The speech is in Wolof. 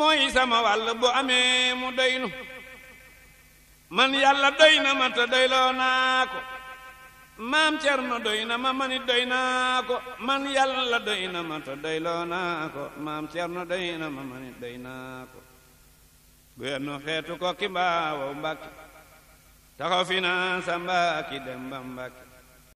mooy sama wàll bu amee mu doy nu man yàlla doy na ma te doyloo naa ko maam Cerno doy na ma manit doy naa ko man yàlla doy na ma te doyloo naa ko maam Cerno doy xeetu ko ki mbaawo mbàkki taxaw fi naa sa mbaaki dem ba